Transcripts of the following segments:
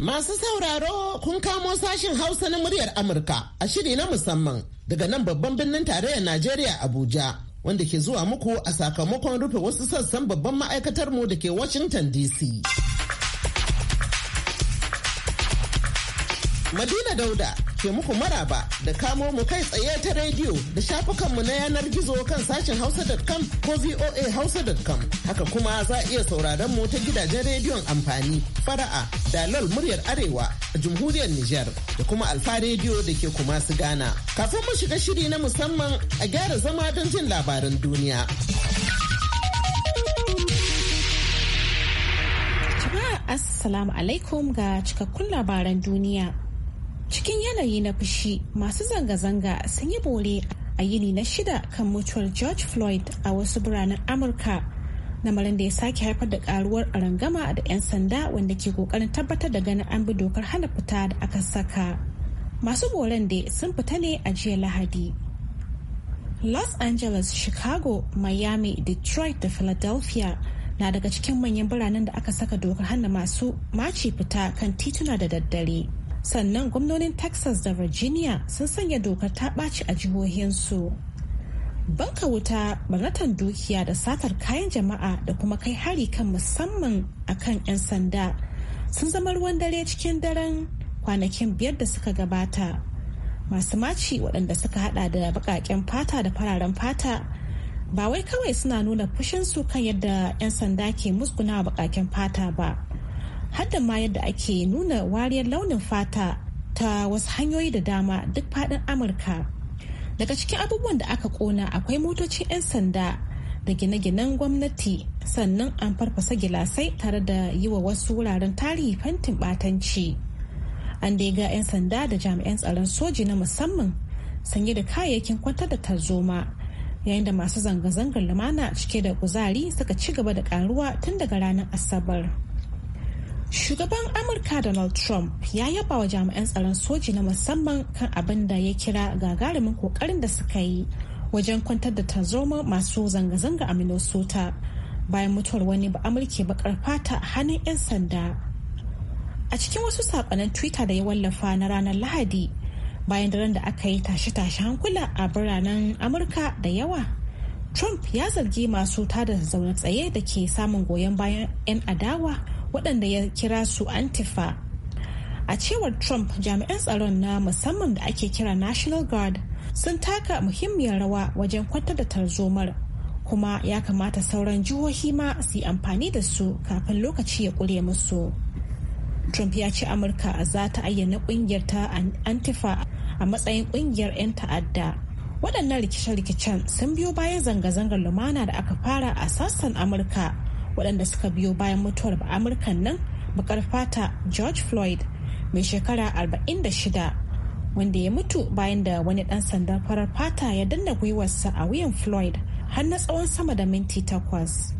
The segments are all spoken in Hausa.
Masu sauraro kun kamo sashin Hausa na muryar Amurka a shiri na musamman daga nan babban birnin tarayyar Najeriya Abuja wanda ke zuwa muku a sakamakon rufe wasu sassan babban ma'aikatar mu da ke Washington DC. Madina Dauda ke muku maraba da kamo mu kai tsaye ta rediyo da shafukanmu na yanar gizo kan sashen hausa.com ko voa hausa.com. Haka kuma za a iya sauraron mu ta gidajen rediyon amfani fara'a dalal muryar arewa a jamhuriyar Nijar da kuma alfa rediyo da ke kuma su Ghana. Kafin mu shiga shiri na musamman a gyara zama don jin labaran duniya. Assalamu alaikum ga cikakkun labaran duniya. cikin yanayi na fushi masu zanga-zanga sun yi bore a yini na shida kan mutuwar george floyd a wasu biranen amurka lamarin da ya sake haifar da karuwar rangama da 'yan sanda wanda ke kokarin tabbatar da ganin an bi dokar hana fita da aka saka masu boren da sun fita ne a jiya lahadi los angeles chicago miami detroit da philadelphia na daga cikin manyan biranen da aka saka dokar hana masu maci fita kan tituna da daddare sannan gwamnonin texas da virginia sun sanya dokar ta ɓaci a jihohinsu banka wuta barnatan dukiya da satar kayan jama'a da kuma kai hari kan musamman a kan 'yan sanda sun zama ruwan dare cikin daren kwanakin biyar da suka gabata masu maci waɗanda suka hada da baƙaƙen fata da fararen fata ba wai kawai suna nuna fushinsu kan yadda 'yan sanda ke musguna baƙaƙen fata ba hadda ma yadda ake nuna wariyar launin fata ta wasu hanyoyi da dama duk faɗin amurka daga cikin abubuwan da aka kona akwai motocin 'yan sanda da gine-ginen gwamnati sannan an farfasa gilasai tare da yi wa wasu wuraren tarihi fantin batanci an dai ga 'yan sanda da jami'an tsaron soji na musamman sanye da kayayyakin kwantar da tarzoma yayin da masu zanga-zangar lumana cike da kuzari suka ci gaba da karuwa tun daga ranar asabar. Shugaban Amurka Donald Trump ya yaba wa jami'an tsaron soji na musamman kan abin da ya kira gagarumin kokarin da suka yi wajen kwantar da tarzoma masu zanga-zanga a Minnesota bayan mutuwar wani ba Amurke ba fata hannun 'yan sanda. A cikin wasu saƙonan Twitter da ya wallafa na ranar Lahadi bayan daren da aka yi tashe-tashe hankula a biranen Amurka da yawa. Trump ya zargi masu tada zaune tsaye da ke samun goyon bayan 'yan adawa waɗanda ya kira su antifa a cewar trump jami'an tsaron na musamman da ake kira national guard sun taka muhimmiyar rawa wajen kwantar da tarzomar kuma ya kamata sauran jihohi ma su yi amfani da su kafin lokaci ya ƙure musu trump ya ce amurka za ta ayyana ƙungiyar ta antifa a matsayin ƙungiyar 'yan ta'adda waɗannan rikice-rikicen sun biyo bayan zanga-zangar lumana da aka fara a sassan amurka waɗanda suka biyo bayan mutuwar ba amurkan nan bakar fata george floyd mai shekara 46 wanda ya mutu bayan da wani ɗan sandan farar fata ya danna gwiwarsa a wuyan floyd har na tsawon sama da minti takwas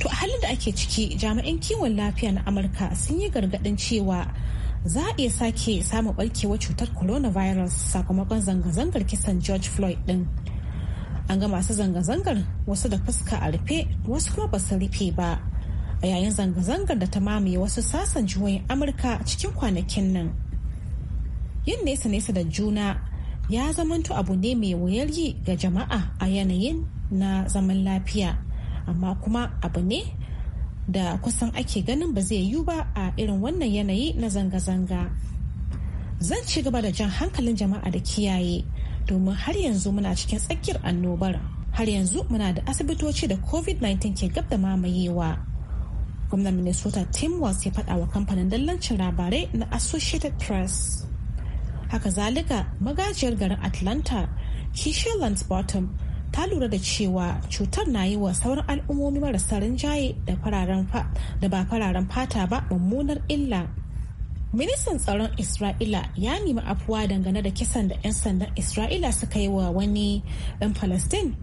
to a halin da ake ciki jami'an kiwon lafiya na amurka sun yi gargaɗin cewa za a iya sake samun ɓarkewa cutar coronavirus sakamakon zanga-zangar kisan george floyd din an ga masu zanga-zangar wasu da fuska a rufe wasu kuma ba su rufe ba a yayin zanga-zangar da ta mamaye wasu sassan jihohin amurka cikin kwanakin nan yin nesa-nesa da juna ya zamanto abu ne mai wuyar yi ga jama'a a yanayin na zaman lafiya amma kuma abu ne da kusan ake ganin ba zai yiwu ba a irin wannan yanayi na zanga-zanga zan ci gaba da jan hankalin jama'a da kiyaye domin har yanzu muna cikin tsakiyar annobar har yanzu muna da asibitoci da covid-19 ke gab da mamayewa gwamnan minnesota tim walz ya faɗa wa kamfanin dallancin labarai na associated press haka zalika magajiyar garin atlanta kishe bottom ta lura da cewa cutar na yi wa sauran al'ummomi marasa rinjaye da ba fararen fata ba mummunar illa Ministan tsaron Isra'ila ya nemi afuwa dangane da kisan da 'yan sandan Isra'ila suka yi wa wani ɗan Palestine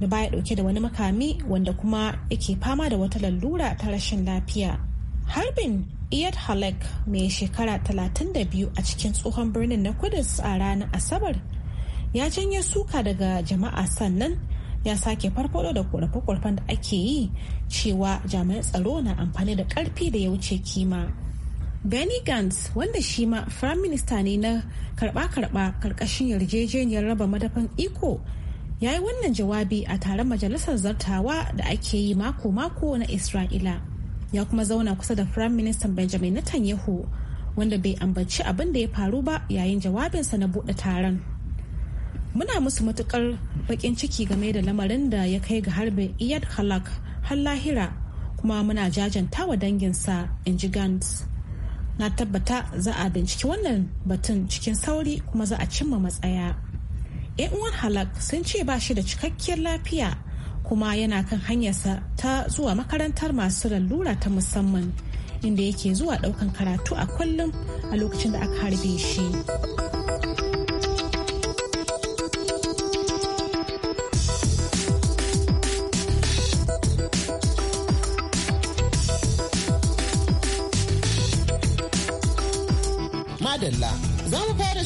da baya ɗauke da wani makami wanda kuma yake fama da wata lalura ta rashin lafiya. Harbin Iyad Halek mai shekara 32 a cikin tsohon birnin na Kudus a ranar Asabar ya janye suka daga jama'a sannan ya sake farfado da korafe-korafen da ake yi cewa jami'an tsaro na amfani da ƙarfi da ya wuce kima. Benny Gantz wanda shi ma firayim minista ne na karba-karba karkashin yarjejeniyar raba madafan iko ya yi wannan jawabi a taron majalisar zartawa da ake yi mako-mako na Isra'ila. Ya kuma zauna kusa da firayim Benjamin Netanyahu wanda bai ambaci abin da ya faru ba yayin jawabinsa na buɗe taron. Muna musu matukar baƙin ciki game da lamarin da ya kai ga harbin Iyad Halak har lahira kuma muna jajanta wa danginsa, in ji Gantz. na tabbata za a binciki wannan batun cikin sauri kuma za a cimma matsaya yan uwan halak sun ce ba shi da cikakkiyar lafiya kuma yana kan hanyarsa ta zuwa makarantar masu lalura ta musamman inda yake zuwa daukan karatu a kullum a lokacin da aka harbe shi.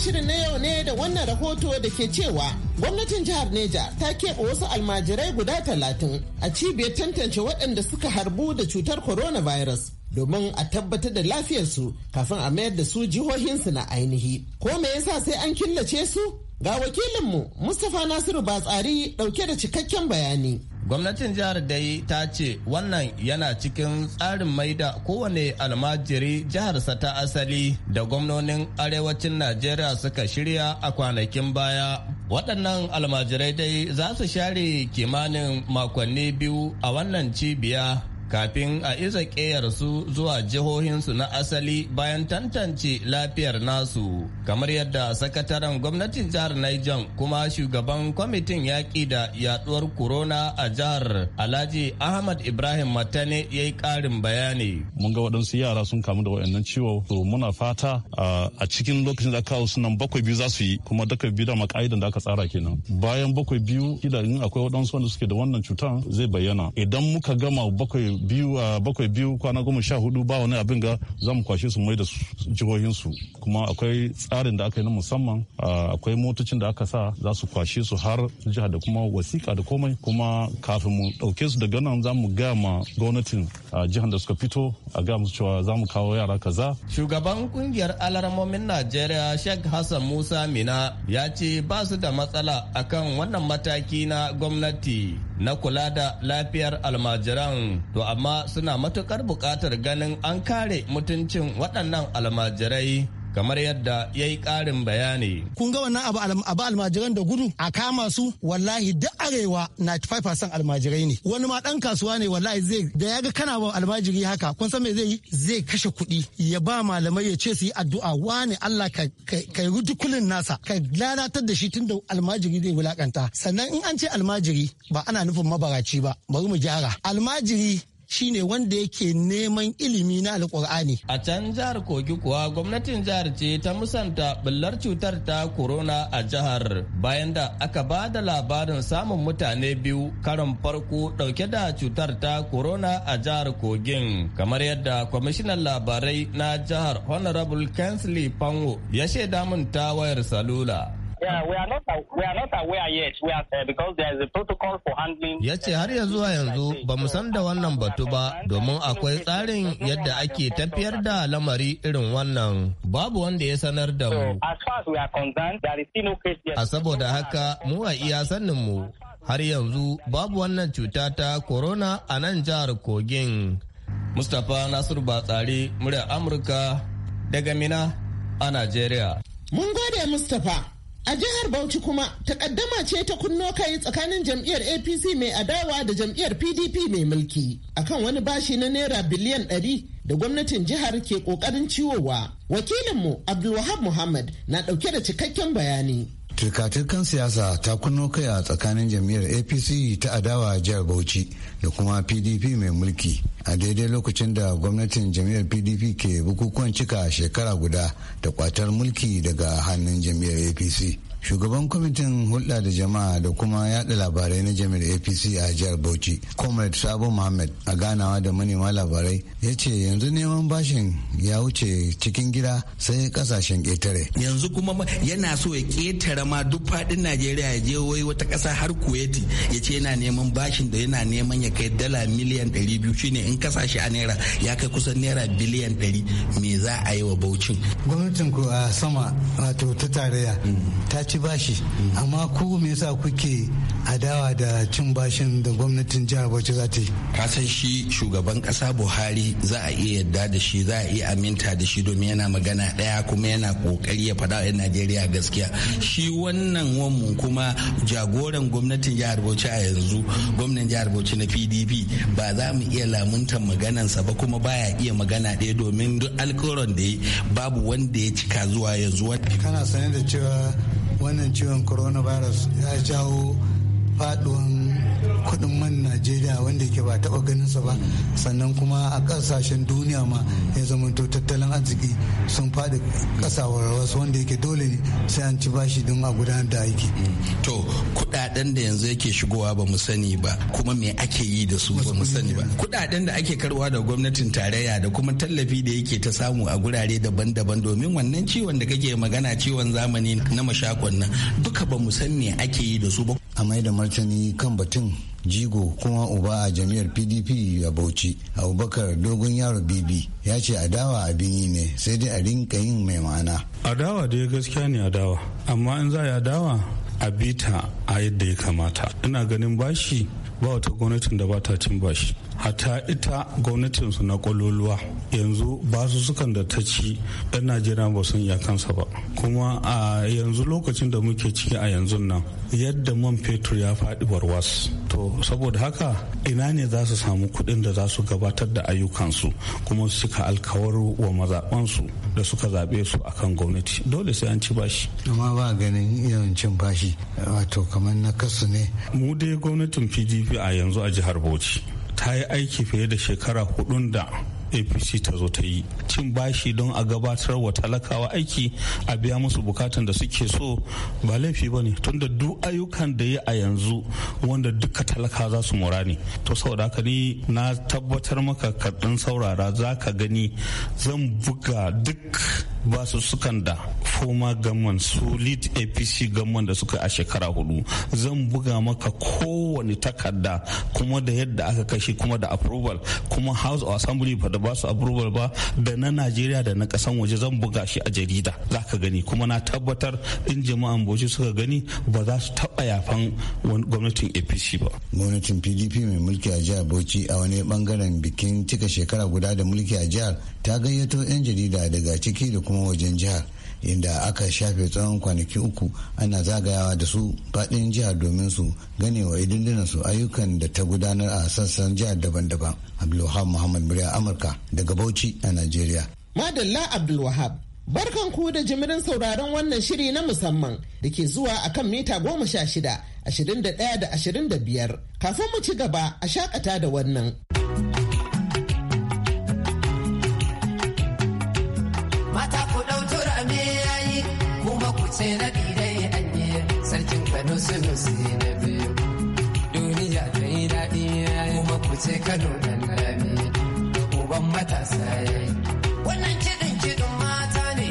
shirin na yau ne da wannan rahoto da ke cewa gwamnatin jihar Neja ta keɓe wasu almajirai guda talatin a cibiyar tantance waɗanda suka harbu da cutar coronavirus domin a tabbatar da lafiyarsu kafin a mayar da su jihohinsu na ainihi. Ko me yasa sai an killace su? Ga wakilinmu Mustapha Nasiru Batsari ɗauke da cikakken bayani. gwamnatin jihar dai ta ce wannan yana cikin tsarin maida kowane almajiri jiharsa ta asali da gwamnonin arewacin najeriya suka shirya a kwanakin baya waɗannan almajirai dai za su share kimanin makonni biyu a wannan cibiya kafin a iza su zuwa jihohinsu na asali bayan tantance lafiyar nasu kamar yadda sakataren gwamnatin jihar Niger kuma shugaban kwamitin yaƙi da yaduwar corona a jihar Alhaji Ahmad Ibrahim Matane ya yi ƙarin bayani. Mun ga waɗansu yara sun kamu da waɗannan ciwo to muna fata a cikin lokacin da aka kawo sunan bakwai biyu za su yi kuma duka biyu da maka'idan da aka tsara kenan. Bayan bakwai biyu idan akwai waɗansu wanda suke da wannan cutar zai bayyana. Idan muka gama bakwai biyu a bakwai biyu kwana goma sha hudu ba wani abin ga za mu kwashe su mai da jihohinsu kuma akwai tsarin da aka yi na musamman akwai motocin da aka sa za su kwashe su har jiha da kuma wasiƙa da komai kuma kafin mu ɗauke su daga nan za mu gaya ma gwamnatin jihar da suka fito a gaya musu cewa za mu kawo yara kaza. Shugaban kungiyar alarmomin Najeriya Sheikh Hassan Musa Mina ya ce ba su da matsala akan wannan mataki na gwamnati. na kula da lafiyar almajiran to amma suna matukar buƙatar ganin an kare mutuncin waɗannan almajirai kamar yadda ya yi ƙarin bayani. Kun ga wannan abu almajiran da gudu a kama su wallahi duk arewa na 95% almajirai ne. Wani ma ɗan kasuwa ne wallahi zai da ya ga kana ba almajiri haka kun san me zai yi zai kashe kuɗi ya ba malamai ya ce su yi addu'a wani Allah ka ka rudukulin nasa ka lalatar da shi tun da almajiri zai wulakanta. Sannan in an ce almajiri ba ana nufin mabaraci ba bari mu gyara. Almajiri shine wanda yake neman ilimi na alkur'ani a can jihar kogi kuwa gwamnatin jihar ce ta musanta bullar cutar ta corona a jihar bayan da aka ba da labarin samun mutane biyu karon farko ɗauke da cutar ta corona a jihar kogin kamar yadda kwamishinan labarai na jihar honorable Kensley pango ya shaida mun ta wayar salula Uh, ya ce har ya zuwa yanzu ba mu san da wannan batu ba domin akwai tsarin yadda ake tafiyar da lamari irin wannan. Babu wanda ya sanar da mu. A saboda haka mu a iya sanin mu har yanzu babu wannan cuta ta corona a nan jihar Kogin. Mustapha Nasiru Batsari murya Amurka daga Mina a Najeriya. Mun gode Mustapha. A jihar Bauchi kuma takaddama ce ta kunno kai tsakanin jam'iyyar APC mai adawa da jam'iyyar PDP mai mulki akan wani bashi na naira biliyan ɗari da gwamnatin jihar ke kokarin ciwowa. Wakilinmu Abdulwahab Muhammad na ɗauke da cikakken bayani. tirkatirkan siyasa ta kunno kai a tsakanin jam'iyyar apc ta adawa jihar bauchi da kuma pdp mai mulki a daidai lokacin da gwamnatin jam'iyyar pdp ke bukukuwan cika shekara guda da kwatar mulki daga hannun jam'iyyar apc shugaban kwamitin hulɗa da jama'a da kuma yada labarai na jami'ar apc a jihar bauchi comrade sabo mohammed a ganawa da manema labarai ya ce yanzu neman bashin ya wuce cikin gida sai kasashen ƙetare yanzu kuma yana so ya ƙetare ma duk faɗin najeriya ya je wai wata ƙasa har kuwaiti ya ce yana neman bashin da yana neman ya kai dala miliyan ɗari biyu shine in kasashe a naira ya kai kusan naira biliyan ɗari me za a yi wa baucin gwamnatin ku a sama wato ta tarayya ta ci bashi amma ku me yasa kuke adawa da cin bashin da gwamnatin jihar Bauchi za ta yi ka san shi shugaban kasa Buhari za a iya yadda da shi za a iya aminta da shi domin yana magana daya kuma yana kokari ya faɗa a Najeriya gaskiya shi wannan wanmu kuma jagoran gwamnatin jihar Bauchi a yanzu gwamnan jihar Bauchi na PDP ba za mu iya lamunta sa ba kuma baya iya magana ɗaya domin duk alkawarin da ya babu wanda ya cika zuwa yanzu kana sanar da cewa wannan ciwon coronavirus ya jawo faduwan kuɗin man najeriya wanda ke ba ganin sa ba sannan kuma a kasashen duniya ma ya zamanto tattalin arziki sun fadi ƙasawar wasu wanda yake dole ne sai an ci bashi don a gudanar da aiki to kudaden da yanzu yake shigowa ba mu sani ba kuma me ake yi da su ba mu sani ba kudaden da ake karwa da gwamnatin tarayya da kuma tallafi da yake ta samu a gurare daban-daban domin wannan ciwon da kake magana ciwon zamani na mashakon nan duka ba mu san me ake yi da su ba a mai da martani kan batun jigo kuma uba a jam'i'ar pdp a bauchi abubakar dogon yaro bibi ya ce adawa abin yi ne sai dai a rinka yin mai ma'ana adawa dai gaskiya ne adawa amma in za a yi adawa a bita a yadda ya kamata ina ganin bashi ba wata gwamnatin da ba ta cin bashi hata ita gwamnatinsu na kwaloluwa yanzu basu sukan da ta ci ɗan najeriya ba sun iya kansa ba kuma a yanzu lokacin da muke ciki a yanzu nan yadda man fetur ya faɗi warwas to saboda haka ina ne za su samu kuɗin da za su gabatar da ayyukansu kuma su cika alkawar wa mazaɓansu da suka zaɓe su akan gwamnati dole sai an ci bashi amma ba ganin yawan bashi wato kamar na kasu ne mu dai gwamnatin pdp a yanzu a jihar bauchi ta yi aiki fiye da shekara hudun da apc ta zo ta yi cin bashi don a gabatar wa talakawa aiki a biya musu bukatan da suke so ba laifi ba ne tunda duk ayyukan da ya a yanzu wanda duka talaka za su mora ne to saboda haka ni na tabbatar maka kaɗan saurara za ka gani zan buga duk basu su sukan da foma gamman su lead apc gamman da suka a shekara hudu zan buga maka kowane takarda kuma da yadda aka kashi kuma da approval kuma house of assembly ba da ba su approval ba da na najeriya da na kasan waje zan buga shi a jarida za ka gani kuma na tabbatar in jama'an boci suka gani ba za su taba yafan gwamnatin apc ba gwamnatin pdp mai mulki a jihar bauchi a wani bangaren bikin cika shekara guda da mulki a jihar ta gayyato 'yan jarida daga ciki da kuma wajen jihar inda aka shafe tsawon kwanaki uku ana zagayawa da su fadin jihar domin su wa idundunan su ayyukan da ta gudanar a sassan jihar daban-daban abdulwahab muhammad murya amurka daga bauchi a nigeria madalla abdulwahab barkan ku da jimirin sauraron wannan shiri na musamman da ke zuwa akan mita goma sha shida ashirin da ɗaya da ashirin da biyar kafin mu ci gaba a shakata da wannan da nusi nusi na biyu duniya ta yi daɗi kuma ku ce kano dan dami uban matasa ya yi wannan kiɗin kiɗin mata ne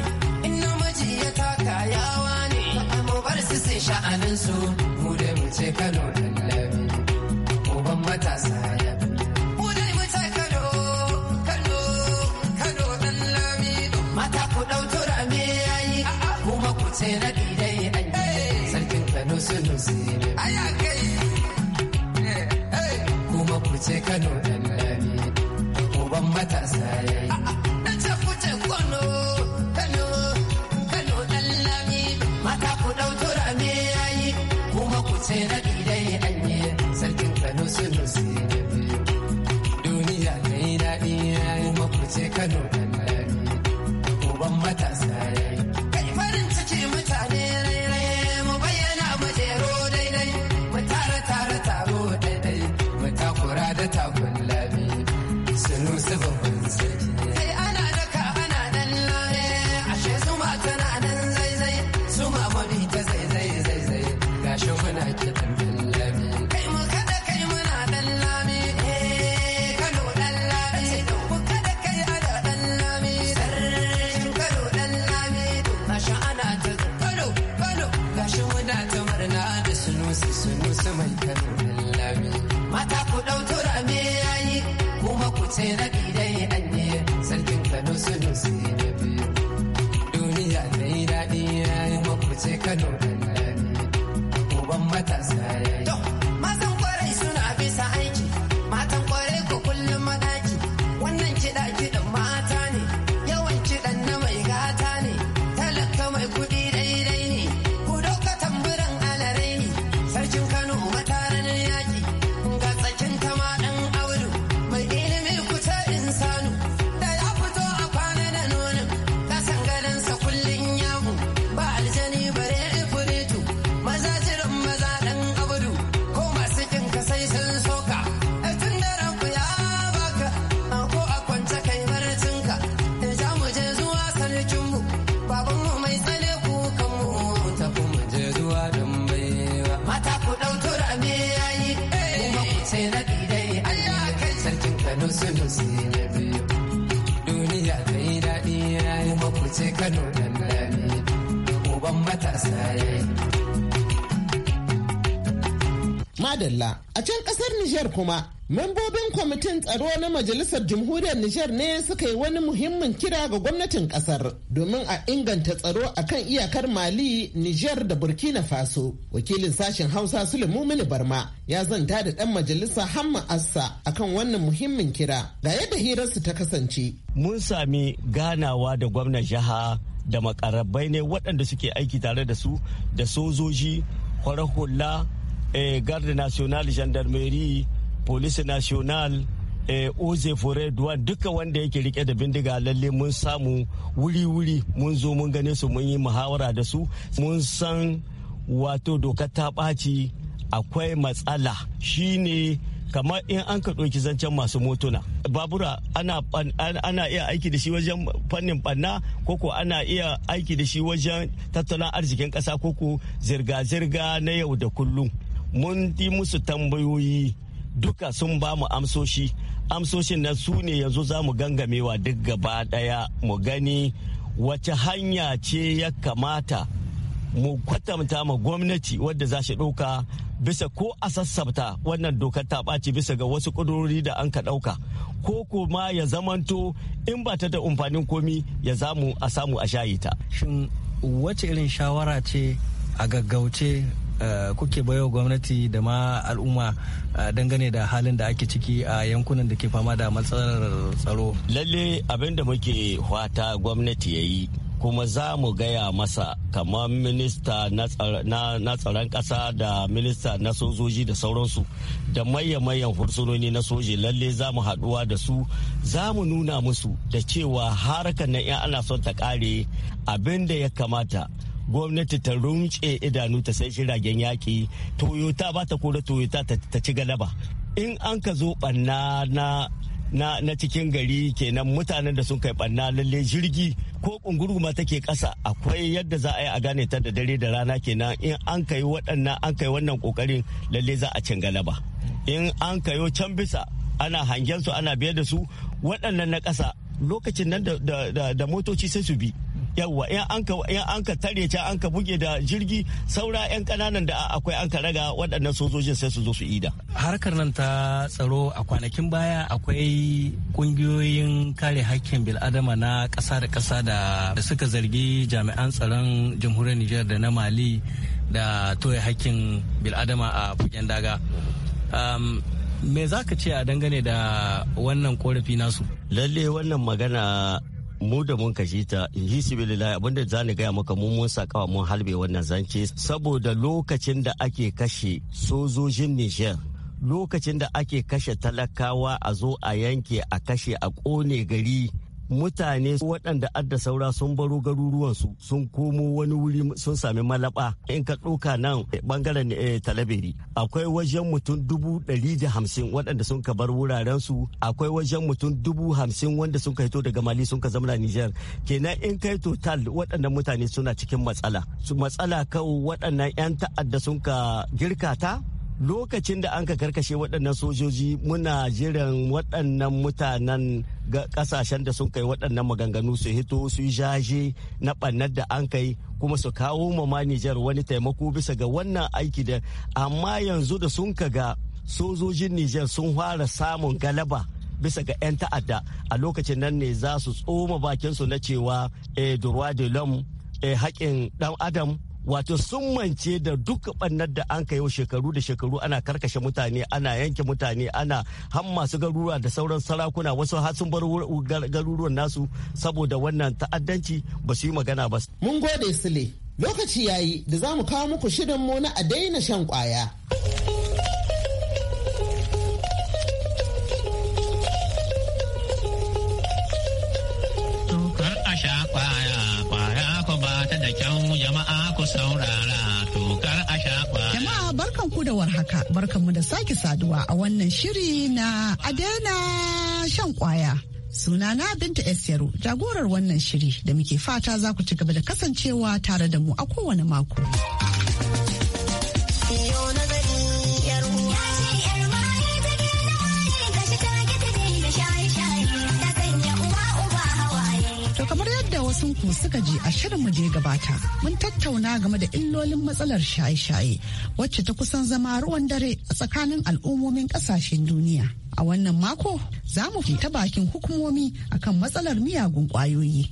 in namiji ya taka yawa ne mu bar su sai sha'anin su mu dai mu ce kano dan dami uban matasa ya mu dai mu ce kano kano kano mata ku ɗau ya yi. kuma ku ce na Eh, eh. kuma ku ce kano dan lami matasa yayi anye sarkin Kano Sunusi. sai na gidai Allah kai sarkin Kano sunu sai na biyu duniya kai daɗi yayi makuce Kano dan dani uban matasa yayi madalla a can kasar Nijar kuma Membobin kwamitin tsaro na Majalisar Jamhuriyar Nijar ne suka yi wani muhimmin kira ga gwamnatin kasar domin a inganta tsaro a kan iyakar Mali, Nijar da Burkina Faso. Wakilin sashen Hausa Sulemumini Barma ya zanta da ɗan majalisa Hamma Assa akan wannan muhimmin kira. Ga yadda hirarsu ta kasance. Mun sami ganawa da gwamnan jiha da makarabai ne waɗanda suke aiki tare da su da sojoji, hula, eh, garda national gendarmerie police national eh, oze fure duwan duka wanda yake rike da bindiga lalle mun samu wuri-wuri mun zo mun gane su mun yi muhawara da su mun san wato doka ta ɓaci akwai matsala shine kamar in an ka ɗauki zancen masu motuna babura ana, iya aiki da shi wajen fannin ɓanna koko ana iya aiki da shi wajen tattalin arzikin ƙasa koko zirga-zirga na yau da kullum mun di musu tambayoyi duka sun ba mu amsoshi amsoshin nan su ne yanzu za mu gangamewa duk gaba ɗaya mu gani wace hanya ce ya kamata mu kwatanta ma gwamnati wadda za shi ɗauka bisa ko a sassabta wannan dokar ta ɓaci bisa ga wasu ƙudurori da an ka ɗauka ko kuma ya zamanto in ba ta da amfanin komi ya zamu a samu a shayi ta. Shin wace irin shawara ce a gaggauce Eh, kuke bayo gwamnati da ma al'umma eh, dangane da halin da ake ciki a yankunan da ke fama da matsalar tsaro lalle abin da muke fata gwamnati ya yi kuma za mu gaya masa kamar minista na tsaron ƙasa da minista na sojoji da sauransu da maye-mayen hursunoni na soji lalle za mu haɗuwa da su za mu nuna musu da cewa harkar na 'yan ana son ta ƙare abin da ya kamata gwamnati ta rumce idanu ta sai shiragen yaki toyota ba ta kora toyota ta ci galaba in an ka zo ɓanna na cikin gari kenan mutanen da sun kai banna lalle jirgi ko kunguruma take kasa akwai yadda za a yi a gane ta da dare da rana kenan in an kai waɗannan an kai wannan kokarin lalle za a cin galaba in an kayo can bisa ana hangen su ana biyar da su waɗannan na ƙasa lokacin nan da motoci sai su bi yawwa in an ka tare ta an ka buge da jirgi saura 'yan kananan da akwai an ka raga waɗannan sojojin sai su zo su ida harkar nan ta tsaro a kwanakin baya akwai kungiyoyin kare hakkin bil'adama na ƙasa da ƙasa da suka zargi jami'an tsaron jamhuriyar nijar da na mali da toye hakkin bil'adama a fagen daga me za ka ce a dangane da wannan korafi nasu lalle wannan magana mu da mun kashe ta in ji shi abinda za ni gaya maka mun mun sakawa mun halbe wannan zance saboda lokacin da ake kashe sojojin Niger lokacin da ake kashe talakawa a zo a yanke a kashe a kone gari mutane waɗanda adda saura sun baro garuruwansu sun komo wani wuri sun sami malaba in ka ɗoka nan bangaren eh, eh, talabiri akwai wajen mutum dubu ɗari da hamsin waɗanda sun ka bar wurarensu akwai wajen mutum dubu hamsin wanda sun ka hito daga mali sun ka zamana nijar kenan in kai total waɗannan mutane suna cikin matsala su matsala kawo waɗannan 'yan ta'adda sun ka girkata lokacin da an ka karkashe waɗannan sojoji muna jiran waɗannan mutanen ga kasashen da sun kai waɗannan maganganu su hito su yi jaje na ɓannar da an kai kuma su kawo ma manijar wani taimako bisa ga wannan aiki da amma yanzu da sun ka ga sojojin Nijar sun fara samun galaba bisa ga 'yan ta'adda a lokacin nan ne za su tsoma bakinsu na cewa eh, de l'homme eh, haƙƙin ɗan adam wato sun mance da duk bannar da an kai shekaru da shekaru ana karkashe mutane ana yanke mutane ana han masu garuruwa da sauran sarakuna wasu har sun bar garuruwan nasu saboda wannan ta'addanci ba su yi magana ba. Mun gode sile lokaci yayi da za mu kawo muku shirin mu na a daina shan kwaya. da warhaka mu da sake saduwa a wannan shiri na adana shan kwaya. suna na Binta Esiyaru jagorar wannan shiri da muke fata za ku ci gaba da kasancewa tare da mu a kowane mako. wasu ku suka ji a shirinmu da ya gabata mun tattauna game da illolin matsalar shaye-shaye wacce ta kusan zama ruwan dare a tsakanin al'ummomin kasashen duniya. A wannan mako za mu fita bakin hukumomi akan matsalar miyagun kwayoyi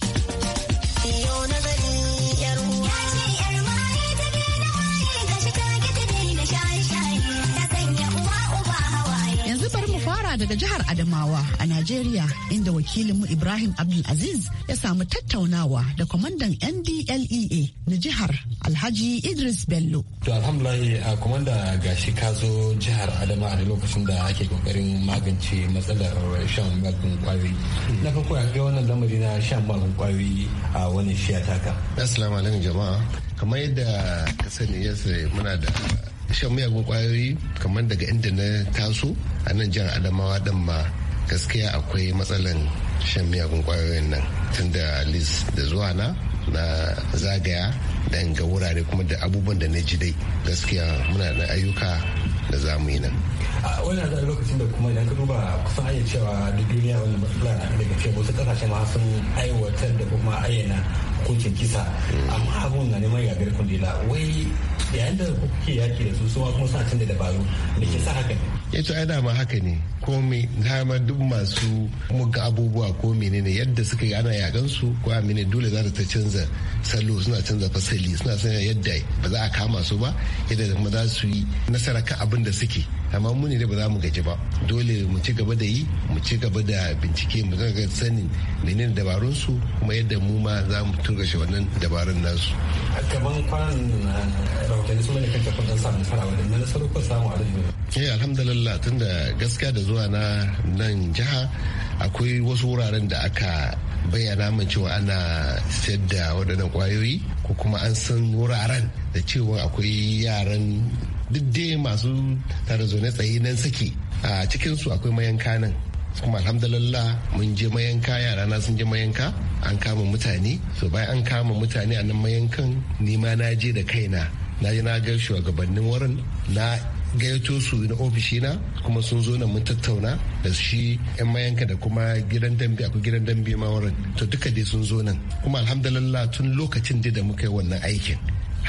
daga jihar Adamawa a Najeriya inda wakilinmu Ibrahim Abdulaziz ya samu tattaunawa da kwamandan NDLEA na jihar Alhaji Idris Bello. To alhamdulahi eh, a kwamanda gashi ka zo jihar Adama a lokacin da ake kokarin magance matsalar shan magun kwayoyi. Na farko ya ga wannan lamari na shan magun kwari a wani shiya taka. Assalamu alaikum jama'a. Kamar yadda ka sani yasa eh, muna da shan miyagun kwayoyi kamar daga inda na taso a nan jihar adamawa din ma gaskiya akwai matsalan shan miyagun kwayoyin nan tun da lis da zuwa na na zagaya dan ga wurare kuma da abubuwan da na ji dai gaskiya muna da ayyuka da za mu yi nan a wannan da lokacin da kuma idan ka duba kusan ayyar cewa duk duniya wani matsala na daga ce wasu kasashe ma sun aiwatar da kuma ayyana hukuncin kisa hmm. amma abun na neman yagar dila wai yayin da kuke yaki da su suwa kuma sa canza dabaru da ke sa haka ya eh to ana ma haka ne ko me dama duk masu muga abubuwa ko menene yadda suka yi ana yakan su ko mene dole za ta canza salo suna canza fasali suna sanya yadda ba za a kama su ba yadda kuma za su yi nasara kan abin da suke amma mu ne da ba za mu gaji ba dole mu ci gaba da yi mu ci gaba da bincike mu ga sanin menene dabarun su kuma yadda mu ma za mu shi wannan dabarun nasu gaban kwanan eh, rahotanni ne mallaka ta sa samun fara wannan na ko samu a eh alhamdulillah tunda gaskiya da zuwa na nan jiha akwai wasu wuraren da aka bayyana min cewa ana sayar da waɗannan kwayoyi ko kuma an san wuraren da cewa akwai yaran duk dai masu tare zaune tsaye nan saki a cikinsu akwai mayanka nan kuma alhamdulillah mun je mayanka yara na sun je mayanka an kama mutane so bayan an kama mutane a nan mayankan ni ma na je da kaina na je na ga shugabannin wurin na gayyato su na ofishina kuma sun zo na mun tattauna da shi yan mayanka da kuma gidan dambe akwai gidan dambe ma wurin to duka dai sun zo nan kuma alhamdulillah tun lokacin da muka yi wannan aikin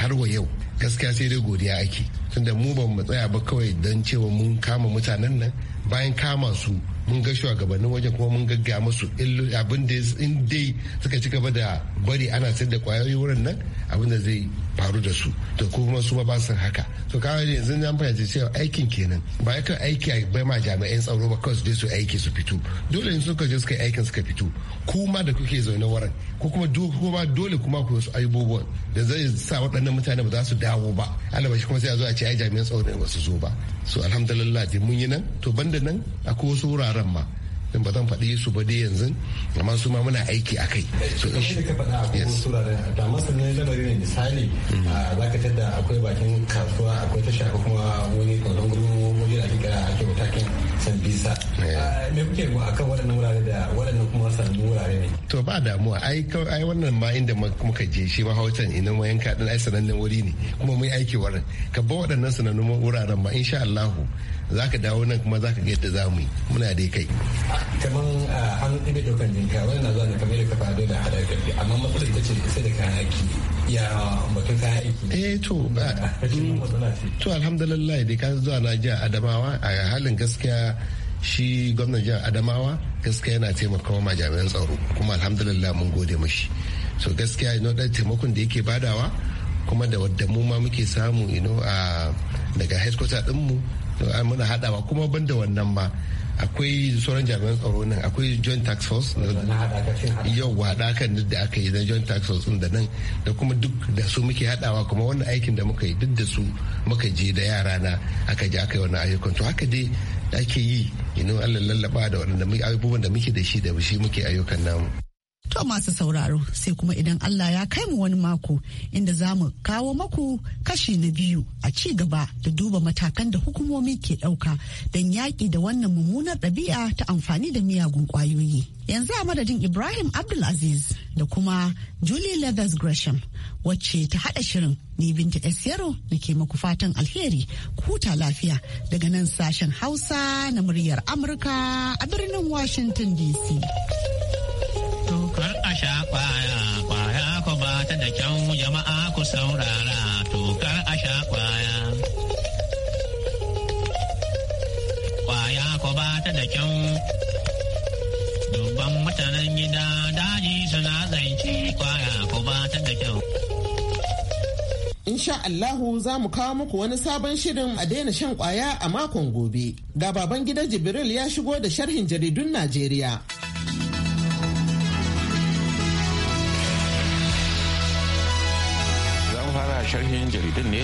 har wa yau gaskiya sai dai godiya ake tunda mu ba mu tsaya ba kawai don cewa mun kama mutanen nan bayan kama su mun ga shugabannin wajen kuma mun gagga musu abin da in dai suka ci gaba da bari ana sayar da kwayoyi wurin nan abin da zai faru da su da kuma su ba san haka to kawai yanzu na fahimci cewa aikin kenan ba yakan aiki a bai ma jami'an tsaro ba kawai su je su aiki su fito dole in suka je suka aikin suka fito kuma da kuke zaune waran ko kuma kuma dole kuma ku ayi abubuwan da zai sa waɗannan mutane ba za su dawo ba ba shi kuma sai a zo a ce ai jami'an tsaro ne ba su zo ba so alhamdulillah dai mun yi nan to banda nan akwai wasu wuraren ma din ba zan faɗi su ba dai yanzu amma su ma muna aiki a kai so in shi ka faɗa akwai wasu da masanin lamari ne misali mm. za ka tada akwai bakin kasuwa akwai tasha ko kuma wani kwallon gudu wajen da ake kira ake matakin san bisa eh. me kuke ruwa akan waɗannan wurare da waɗannan kuma sanannu wurare ne to ba damuwa ai ai wannan ma inda muka je shi ma hautan ina ma yanka ai sanannen wuri ne kuma mun aiki wurin ka ba waɗannan sanannen wuraren ma insha Allah za ka dawo nan kuma za ka ga yadda za mu yi muna dai kai kamar an ɗabe dokan jinka wannan zuwa ne kamar da ka faɗo da haɗa ƙarfi amma matsalar ita ce sai da kayan aiki ya batun kayan aiki eh to to alhamdulillah dai ka zuwa na ji adamawa a halin gaskiya shi gwamnan jihar adamawa gaskiya yana taimakawa ma jami'an tsaro kuma alhamdulillah mun gode mashi so gaskiya ino dan taimakon da yake badawa kuma da wadda mu ma muke samu ino a daga headquarter dinmu muna hadawa kuma banda wannan ma akwai sauran jami'an tsaro nan akwai joint tax force yau kan da aka yi na joint tax force da nan da kuma duk da su muke haɗawa kuma wannan aikin da muka yi duk da su muka je da yara na aka je aka yi wannan ayyukan to haka dai da ake yi inu allah lallaba da waɗanda abubuwan da muke da shi da shi muke ayyukan namu To masu sauraro sai kuma idan Allah ya kai mu wani mako inda za mu kawo maku kashi na biyu a ci gaba da duba matakan da hukumomi ke ɗauka don yaƙi da wannan mummunar ɗabi'a ta amfani da miyagun ƙwayoyi. Yanzu a madadin Ibrahim Abdulaziz da kuma Julie Leathers Gresham wacce ta haɗa shirin ni binta Esiyaro da ke maku fatan alheri huta lafiya daga nan sashen Hausa na muryar Amurka a birnin Washington DC. ta da kyau. Dubban mutanen gida daji suna zance kwaya ko ba ta da kyau. Insha Allahu za mu kawo muku wani sabon shirin a daina shan kwaya a makon gobe. Ga baban gida Jibril ya shigo da sharhin jaridun Najeriya.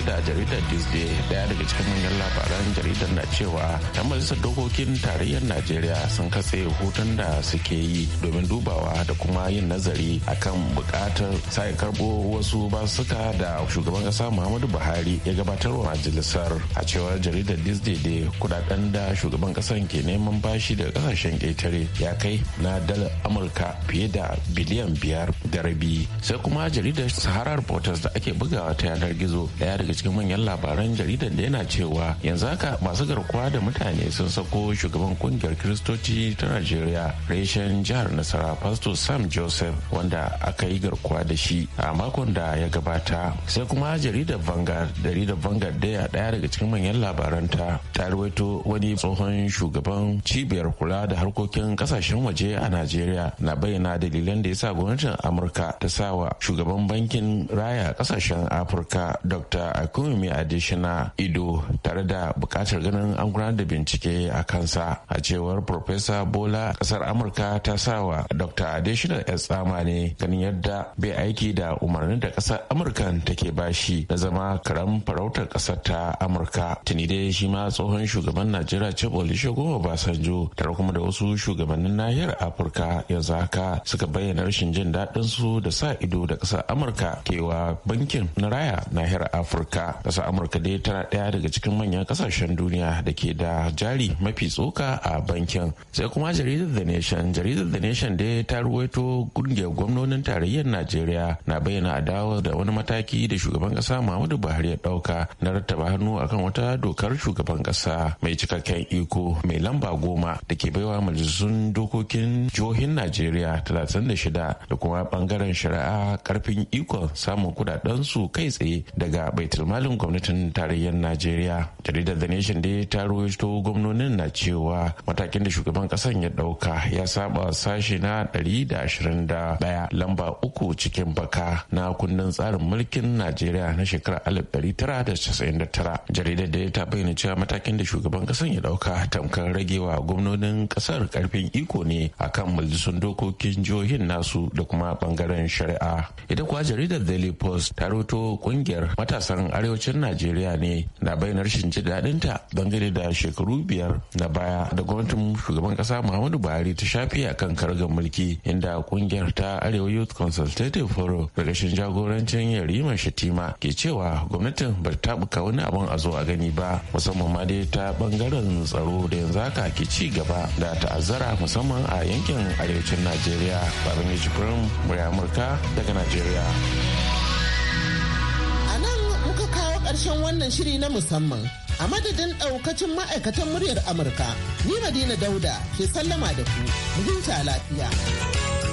da jaridar Tuesday daya daga cikin manyan labaran jaridar na cewa yan majalisar dokokin tarayyar Najeriya sun katse hutun da suke yi domin dubawa da kuma yin nazari akan bukatar sai karbo wasu basuka da shugaban kasa Muhammadu Buhari ya gabatar wa majalisar a cewar jaridar Tuesday da kudaden da shugaban kasan ke neman bashi da kasashen ƙetare ya kai na dala Amurka fiye da biliyan biyar da rabi sai kuma jaridar Sahara Reporters da ake bugawa ta yanar gizo daya daga daga cikin manyan labaran jaridar da yana cewa yanzu haka masu garkuwa da mutane sun sako shugaban kungiyar kiristoci ta najeriya reshen jihar nasara pastor sam joseph wanda aka yi garkuwa da shi a makon da ya gabata sai kuma jaridar vanguard jaridar vanguard daya daya daga cikin manyan labaran ta ta ruwaito wani tsohon shugaban cibiyar kula da harkokin kasashen waje a najeriya na bayyana dalilan da ya sa gwamnatin amurka ta sawa shugaban bankin raya kasashen afirka dr mai adishina ido tare da bukatar ganin an gudanar da bincike a kansa a cewar profesa bola kasar amurka ta sawa dr adishina ya tsama ne ganin yadda bai aiki da umarnin da kasar amurka take bashi na zama karam farautar kasar ta amurka tuni dai shi ma tsohon shugaban najeriya ce goma basanjo tare kuma da wasu shugabannin nahiyar afirka yanzu haka suka bayyana rashin jin daɗin su da sa ido da kasar amurka kewa bankin na raya nahiyar afirka amurka ƙasar amurka dai tana ɗaya daga cikin manyan ƙasashen duniya da ke da jari mafi tsoka a bankin sai kuma jaridar the nation jaridar the nation dai ta ruwaito kungiyar gwamnonin tarayyar najeriya na bayyana adawa da wani mataki da shugaban ƙasa muhammadu buhari ya ɗauka na rattaba hannu akan wata dokar shugaban ƙasa mai cikakken iko mai lamba goma da ke baiwa majalisun dokokin jihohin najeriya talatin da shida, da kuma bangaren shari'a karfin ikon samun kudaden su kai tsaye daga baitul silmalin gwamnatin tarayyar najeriya jaridar the nation dai ta ruwaito gwamnonin na cewa matakin da shugaban kasan ya dauka ya saba sashi na 121 lamba uku cikin baka na kundin tsarin mulkin najeriya na shekarar 1999 jaridar da ta bayyana cewa matakin da shugaban kasan ya dauka tamkar ragewa gwamnonin kasar karfin iko ne akan majalisun dokokin jihohin nasu da kuma bangaren shari'a ita kuwa jaridar daily post ta roto kungiyar matasan arewacin najeriya ne na bayyana rashin jin ta dangane da shekaru biyar na baya da gwamnatin shugaban ƙasa muhammadu buhari ta shafi a kan kargar mulki inda ƙungiyar ta arewa youth consultative forum rikashin jagorancin yarima shatima ke cewa gwamnatin ba ta buka wani abin a zo a gani ba musamman ma dai ta bangaren tsaro da yanzu haka ke ci gaba da ta'azzara musamman a yankin arewacin najeriya babangiji firin murya amurka daga najeriya karshen wannan shiri na musamman a madadin ɗaukacin ma'aikatan muryar amurka ni madina dauda ke sallama da ku mu lafiya.